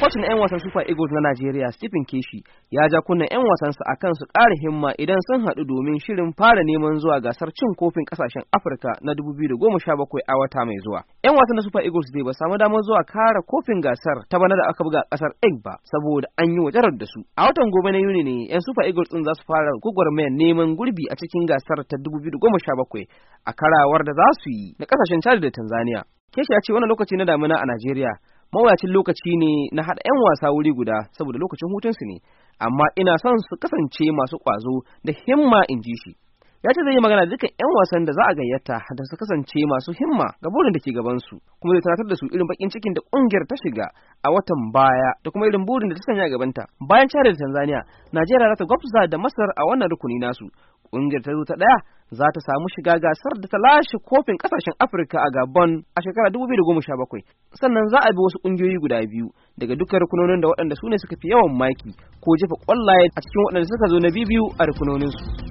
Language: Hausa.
kwacin 'yan wasan Super Eagles na Najeriya Stephen Keshi ya ja kunnen 'yan wasansa a kan su ƙara himma idan sun haɗu domin shirin fara neman zuwa gasar cin kofin ƙasashen Afirka na 2017 a wata mai zuwa. 'Yan wasan na Super Eagles dai ba samu damar zuwa kara kofin gasar ta bana da aka buga ƙasar Egg ba saboda an yi wajarar da su. A watan gobe na Yuni ne 'yan Super Eagles ɗin za su fara gwagwarmayar neman gurbi a cikin gasar ta 2017 a karawar da za su yi na ƙasashen Chad da Tanzania. Keshi ya ce wani lokaci na damina a Najeriya mawuyacin lokaci ne na haɗa 'yan wasa wuri guda saboda lokacin hutunsu ne amma ina son su kasance masu ƙwazo da himma in ji shi ya ce zai yi magana da dukkan 'yan wasan da za a gayyata da su kasance masu himma ga burin da ke gabansu kuma zai tunatar da su irin bakin cikin da kungiyar ta shiga a watan baya da kuma irin burin da ta sanya gabanta bayan da tanzania najeriya za ta gwabza da masar a wannan rukuni nasu kungiyar ta zo ta daya za ta samu shiga gasar da ta lashe kofin kasashen afirka a gabon a shekara 2017 sannan za a bi wasu kungiyoyi guda biyu daga dukkan rukunonin da waɗanda su ne suka fi yawan maki ko jefa kwallaye a cikin waɗanda suka zo na biyu a rukunoninsu.